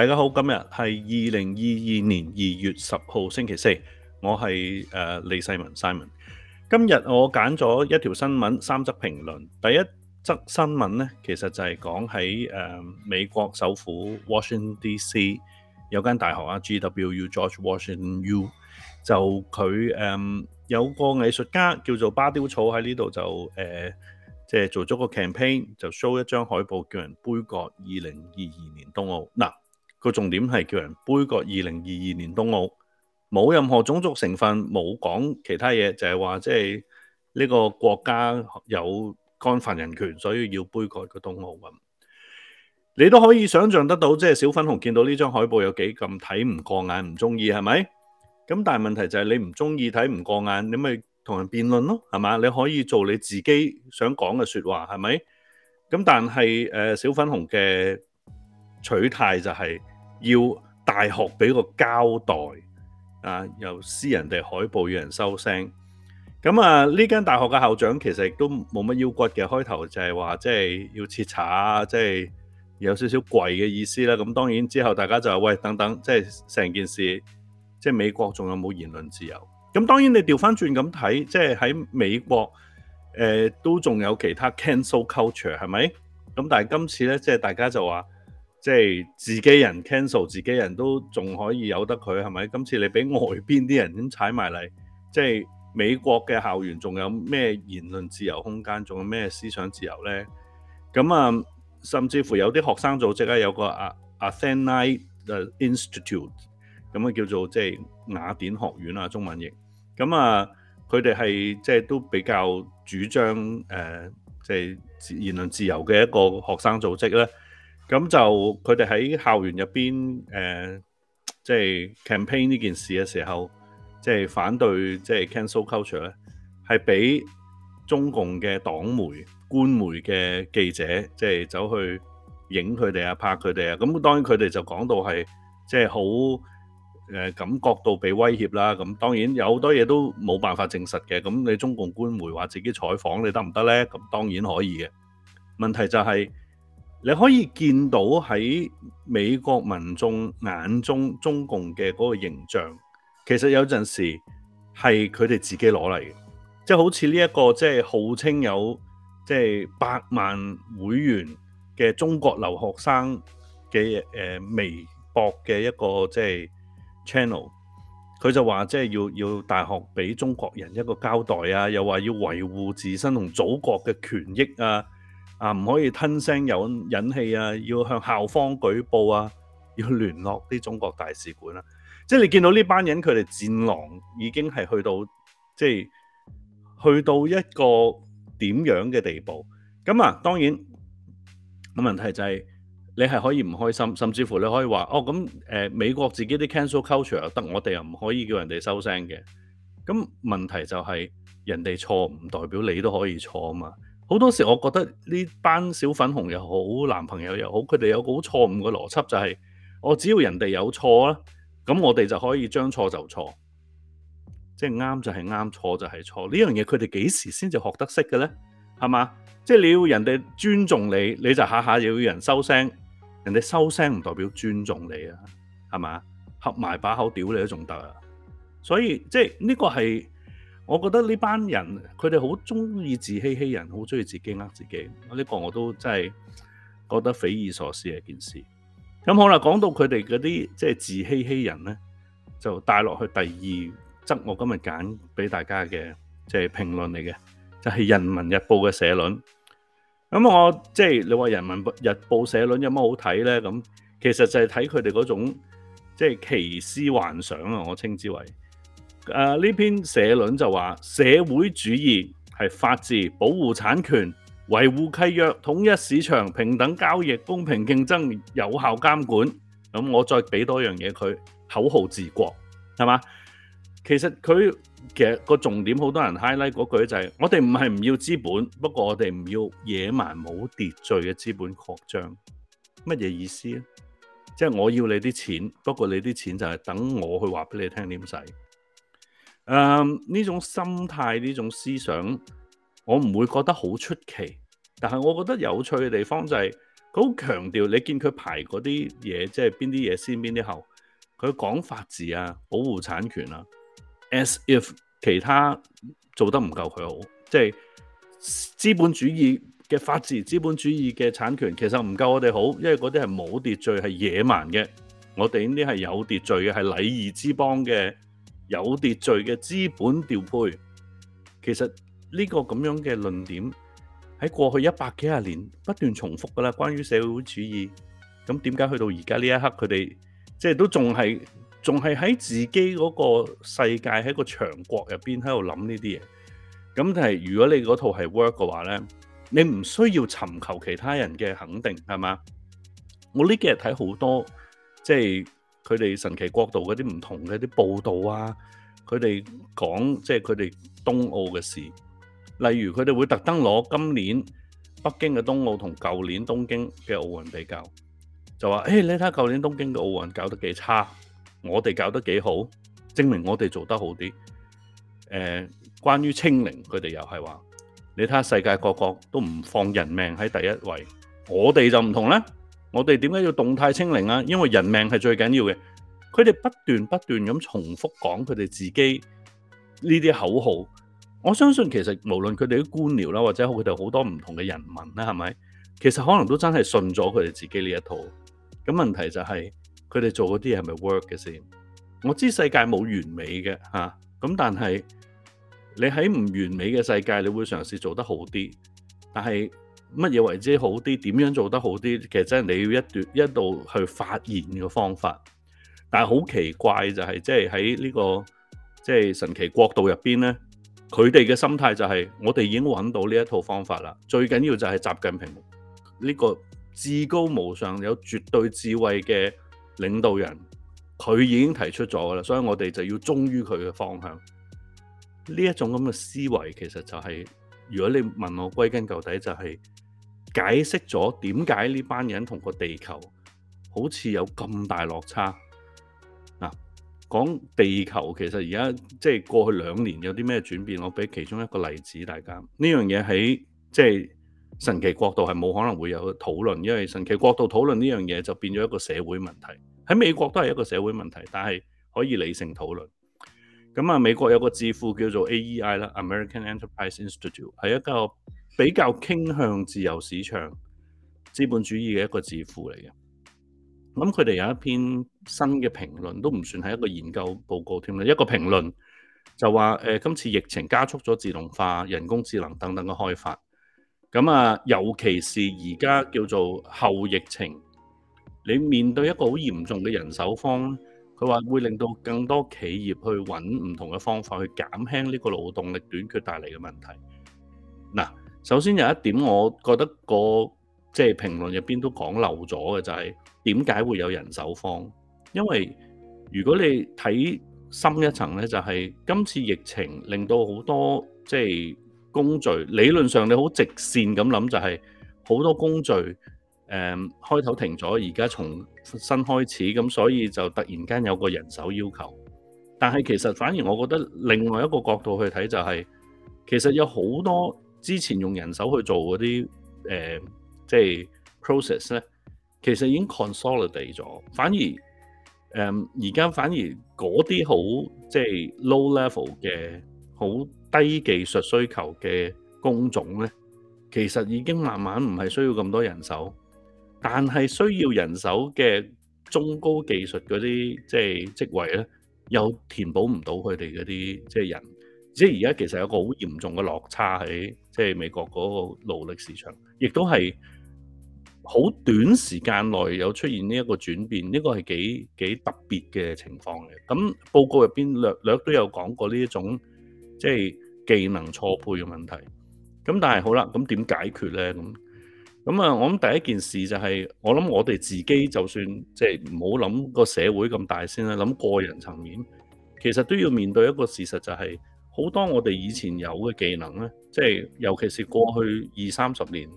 大家好，今日係二零二二年二月十號星期四，我係誒、呃、李世文 Simon。今日我揀咗一條新聞，三則評論。第一則新聞呢，其實就係講喺誒美國首府 Washington D.C. 有間大學啊，G.W.U. George Washington U，就佢誒、呃、有個藝術家叫做巴丟草喺呢度就誒即係做咗個 campaign，就 show 一張海報叫人杯葛二零二二年冬奧嗱。個重點係叫人杯葛二零二二年冬奧，冇任何種族成分，冇講其他嘢，就係話即係呢個國家有干犯人權，所以要杯葛個冬奧咁。你都可以想象得到，即係小粉紅見到呢張海報有幾咁睇唔過眼，唔中意係咪？咁但係問題就係你唔中意睇唔過眼，你咪同人辯論咯，係嘛？你可以做你自己想講嘅說話，係咪？咁但係誒、呃，小粉紅嘅。取態就係要大學俾個交代啊，又撕人哋海報，要人收聲。咁啊，呢間大學嘅校長其實都冇乜腰骨嘅，開頭就係話即係要徹查，即係有少少跪嘅意思啦。咁當然之後大家就話：喂，等等，即係成件事，即係美國仲有冇言論自由？咁當然你調翻轉咁睇，即係喺美國誒、呃、都仲有其他 cancel culture 係咪？咁但係今次咧，即係大家就話。即係自己人 cancel 自己人都仲可以有得佢係咪？今次你俾外邊啲人咁踩埋嚟，即係美國嘅校園仲有咩言論自由空間，仲有咩思想自由呢？咁啊，甚至乎有啲學生組織咧，有個阿阿 Athenai Institute，咁啊叫做即係雅典學院啊，中文譯。咁啊，佢哋係即係都比較主張誒，即、呃、係、就係、言論自由嘅一個學生組織咧。咁就佢哋喺校園入邊，誒，即係 campaign 呢件事嘅時候，即係反對即係 cancel culture 咧，係俾中共嘅黨媒、官媒嘅記者，即係走去影佢哋啊、拍佢哋啊。咁當然佢哋就講到係即係好誒，感覺到被威脅啦。咁當然有好多嘢都冇辦法證實嘅。咁你中共官媒話自己採訪你得唔得咧？咁當然可以嘅。問題就係。你可以見到喺美國民眾眼中，中共嘅嗰個形象，其實有陣時係佢哋自己攞嚟嘅，即係好似呢一個即係號稱有即係百萬會員嘅中國留學生嘅誒微博嘅一個即係 channel，佢就話即係要要大學俾中國人一個交代啊，又話要維護自身同祖國嘅權益啊。啊！唔可以吞聲有忍氣啊！要向校方舉報啊！要聯絡啲中國大使館啊！即係你見到呢班人，佢哋戰狼已經係去到即係去到一個點樣嘅地步。咁啊，當然個問題就係、是、你係可以唔開心，甚至乎你可以話：哦咁誒、呃，美國自己啲 cancel culture 又得，我哋又唔可以叫人哋收聲嘅。咁問題就係、是、人哋錯唔代表你都可以錯啊嘛！好多時我覺得呢班小粉紅又好，男朋友又好，佢哋有個好錯誤嘅邏輯就係，我只要人哋有錯啦，咁我哋就可以將錯就錯，即係啱就係啱，錯就係錯。呢樣嘢佢哋幾時先至學得識嘅咧？係嘛？即係你要人哋尊重你，你就下下要人收聲，人哋收聲唔代表尊重你啊，係嘛？合埋把口屌你都仲得啊！所以即係呢個係。我覺得呢班人佢哋好中意自欺欺人，好中意自己呃自己。呢個我都真係覺得匪夷所思嘅一件事。咁好啦，講到佢哋嗰啲即係自欺欺人咧，就帶落去第二則我今日揀俾大家嘅即係評論嚟嘅，就係《人民日報》嘅社論。咁我即係你話《人民日報》社論有乜好睇咧？咁其實就係睇佢哋嗰種即係奇思幻想啊！我稱之為。誒、啊、呢篇社論就話社會主義係法治、保護產權、維護契約、統一市場、平等交易、公平競爭、有效監管。咁我再俾多樣嘢佢，口號治國係嘛？其實佢其實個重點，好多人 highlight 嗰句就係、是、我哋唔係唔要資本，不過我哋唔要野蠻冇秩序嘅資本擴張。乜嘢意思咧？即、就、係、是、我要你啲錢，不過你啲錢就係等我去話俾你聽點使。誒、um, 呢種心態呢種思想，我唔會覺得好出奇，但係我覺得有趣嘅地方就係佢好強調，你見佢排嗰啲嘢，即係邊啲嘢先邊啲後，佢講法治啊，保護產權啊，as if 其他做得唔夠佢好，即係資本主義嘅法治、資本主義嘅產權其實唔夠我哋好，因為嗰啲係冇秩序，係野蠻嘅，我哋呢啲係有秩序嘅，係禮儀之邦嘅。有秩序嘅資本調配，其實呢個咁樣嘅論點喺過去一百幾十年不斷重複噶啦。關於社會主義，咁點解去到而家呢一刻，佢哋即係都仲係仲係喺自己嗰個世界喺個強國入邊喺度諗呢啲嘢？咁但係如果你嗰套係 work 嘅話呢，你唔需要尋求其他人嘅肯定，係嘛？我呢幾日睇好多即係。就是佢哋神奇國度嗰啲唔同嘅啲報道啊，佢哋講即係佢哋冬奧嘅事，例如佢哋會特登攞今年北京嘅冬奧同舊年東京嘅奧運比較，就話誒你睇下舊年東京嘅奧運搞得幾差，我哋搞得幾好，證明我哋做得好啲。誒，關於清零，佢哋又係話，你睇下世界各國都唔放人命喺第一位，我哋就唔同咧。我哋點解要動態清零啊？因為人命係最緊要嘅。佢哋不斷不斷咁重複講佢哋自己呢啲口號。我相信其實無論佢哋啲官僚啦，或者佢哋好多唔同嘅人民啦，係咪？其實可能都真係信咗佢哋自己呢一套。咁問題就係佢哋做嗰啲係咪 work 嘅先？我知世界冇完美嘅吓，咁但係你喺唔完美嘅世界，你會嘗試做得好啲，但係。乜嘢為之好啲？點樣做得好啲？其實真係你要一段一度去發現嘅方法。但係好奇怪就係、是，即係喺呢個即係、就是、神奇國度入邊咧，佢哋嘅心態就係、是、我哋已經揾到呢一套方法啦。最緊要就係習近平呢、呢個至高無上有絕對智慧嘅領導人，佢已經提出咗噶啦，所以我哋就要忠於佢嘅方向。呢一種咁嘅思維，其實就係、是、如果你問我歸根究底、就是，就係。解釋咗點解呢班人同個地球好似有咁大落差嗱？講地球其實而家即係過去兩年有啲咩轉變，我俾其中一個例子大家。呢樣嘢喺即係神奇國度係冇可能會有討論，因為神奇國度討論呢樣嘢就變咗一個社會問題。喺美國都係一個社會問題，但係可以理性討論。咁啊，美國有個智庫叫做 AEI 啦，American Enterprise Institute 係一個比較傾向自由市場資本主義嘅一個智庫嚟嘅，咁佢哋有一篇新嘅評論，都唔算係一個研究報告添，一個評論就話、呃、今次疫情加速咗自動化、人工智能等等嘅開發，咁啊，尤其是而家叫做後疫情，你面對一個好嚴重嘅人手荒，佢話會令到更多企業去揾唔同嘅方法去減輕呢個勞動力短缺帶嚟嘅問題，嗱。首先有一點，我覺得個即係評論入邊都講漏咗嘅就係點解會有人手荒？因為如果你睇深一層咧，就係今次疫情令到好多即係工序理論上你好直線咁諗就係好多工序誒、um, 開頭停咗，而家從新開始咁，所以就突然間有個人手要求。但係其實反而我覺得另外一個角度去睇就係其實有好多。之前用人手去做嗰啲誒，即係 process 咧，其實已經 consolidate 咗。反而誒，而家反而嗰啲好即係 low level 嘅好低技術需求嘅工種咧，其實已經慢慢唔係需要咁多人手，但係需要人手嘅中高技術嗰啲即係職位咧，又填補唔到佢哋嗰啲即係人。即係而家其實有個好嚴重嘅落差喺即係美國嗰個勞力市場，亦都係好短時間內有出現呢一個轉變，呢個係幾幾特別嘅情況嘅。咁報告入邊略略都有講過呢一種即係技能錯配嘅問題。咁但係好啦，咁點解決咧？咁咁啊，我諗第一件事就係我諗我哋自己就算即係唔好諗個社會咁大先啦，諗個人層面，其實都要面對一個事實就係。好多我哋以前有嘅技能咧，即係尤其是過去二三十年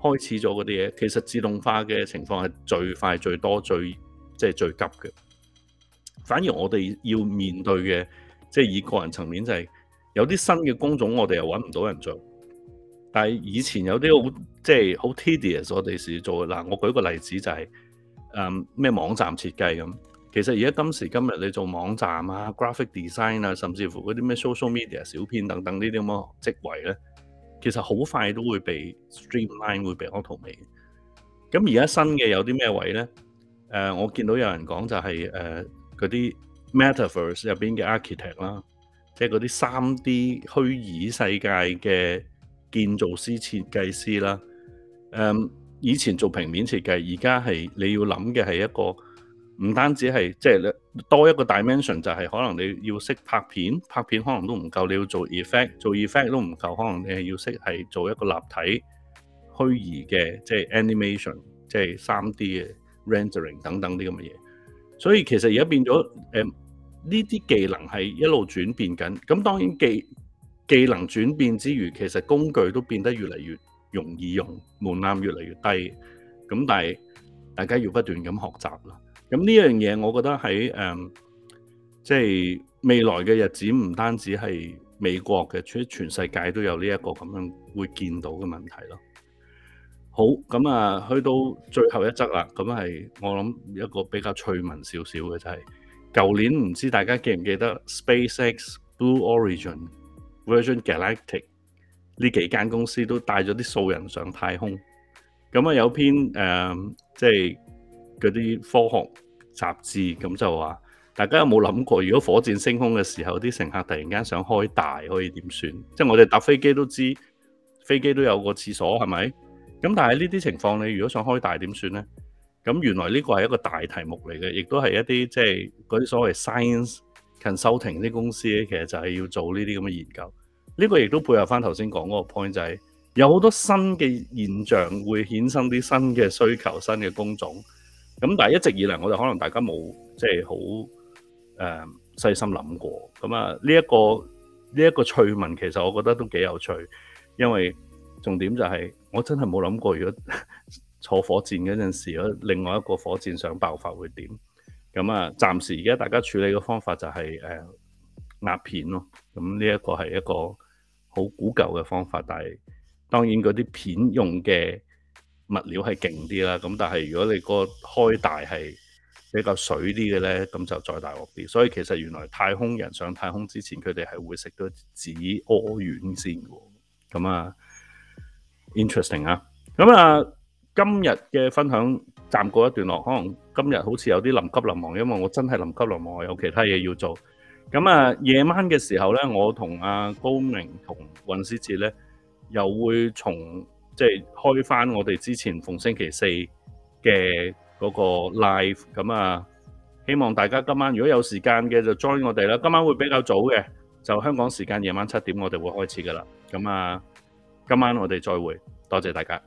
開始咗嗰啲嘢，其實自動化嘅情況係最快、最多、最即係最急嘅。反而我哋要面對嘅，即係以個人層面就係有啲新嘅工種，我哋又揾唔到人做。但係以前有啲好即係好 tedious 我哋時做嘅嗱，我舉個例子就係誒咩網站設計咁。其實而家今時今日你做網站啊、graphic design 啊，甚至乎嗰啲咩 social media 小編等等呢啲咁嘅職位咧，其實好快都會被 streamline，會被 automation。咁而家新嘅有啲咩位咧？誒、呃，我見到有人講就係誒嗰啲 metaverse 入邊嘅 architect 啦，即係嗰啲三 D 虛擬世界嘅建造師、設計師啦。誒、嗯，以前做平面設計，而家係你要諗嘅係一個。唔單止係即係多一個 dimension，就係可能你要識拍片，拍片可能都唔夠，你要做 effect，做 effect 都唔夠，可能你係要識係做一個立體虛擬嘅即係 animation，即係三 D 嘅 rendering 等等啲咁嘅嘢。所以其實而家變咗誒呢啲技能係一路轉變緊。咁當然技技能轉變之餘，其實工具都變得越嚟越容易用，門檻越嚟越低。咁但係大家要不斷咁學習啦。咁呢樣嘢，我覺得喺誒，即、嗯、係、就是、未來嘅日子，唔單止係美國嘅，全全世界都有呢一個咁樣會見到嘅問題咯。好，咁啊，去到最後一則啦，咁係我諗一個比較趣聞少少嘅就係、是，舊年唔知大家記唔記得 SpaceX、Blue Origin、Virgin Galactic 呢幾間公司都帶咗啲素人上太空。咁啊，有篇誒，即、嗯、係。就是嗰啲科學雜誌咁就話，大家有冇諗過？如果火箭升空嘅時候，啲乘客突然間想開大，可以點算？即我哋搭飛機都知，飛機都有個廁所係咪？咁但係呢啲情況，你如果想開大點算咧？咁原來呢個係一個大題目嚟嘅，亦都係一啲即係嗰啲所謂 science consulting 啲公司，其實就係要做呢啲咁嘅研究。呢個亦都配合翻頭先講個 point，就係有好多新嘅現象會衍生啲新嘅需求、新嘅工種。咁但係一直以嚟，我就可能大家冇即係好誒，細心諗過。咁啊，呢一個呢一個趣聞其實我覺得都幾有趣，因為重點就係我真係冇諗過，如果呵呵坐火箭嗰陣時，如果另外一個火箭想爆發會點？咁啊，暫時而家大家處理嘅方法就係誒，壓片咯。咁呢一個係一個好古舊嘅方法，但係當然嗰啲片用嘅。物料係勁啲啦，咁但係如果你個開大係比較水啲嘅咧，咁就再大鑊啲。所以其實原來太空人上太空之前，佢哋係會食到紙屙丸先嘅。咁啊，interesting 啊。咁啊，今日嘅分享暫過一段落，可能今日好似有啲臨急臨忙，因為我真係臨急臨忙我有其他嘢要做。咁啊，夜晚嘅時候咧，我同阿、啊、高明同運司哲咧又會從。即係開翻我哋之前逢星期四嘅嗰個 live，咁啊，希望大家今晚如果有時間嘅就 join 我哋啦。今晚會比較早嘅，就香港時間夜晚七點我哋會開始噶啦。咁啊，今晚我哋再會，多謝大家。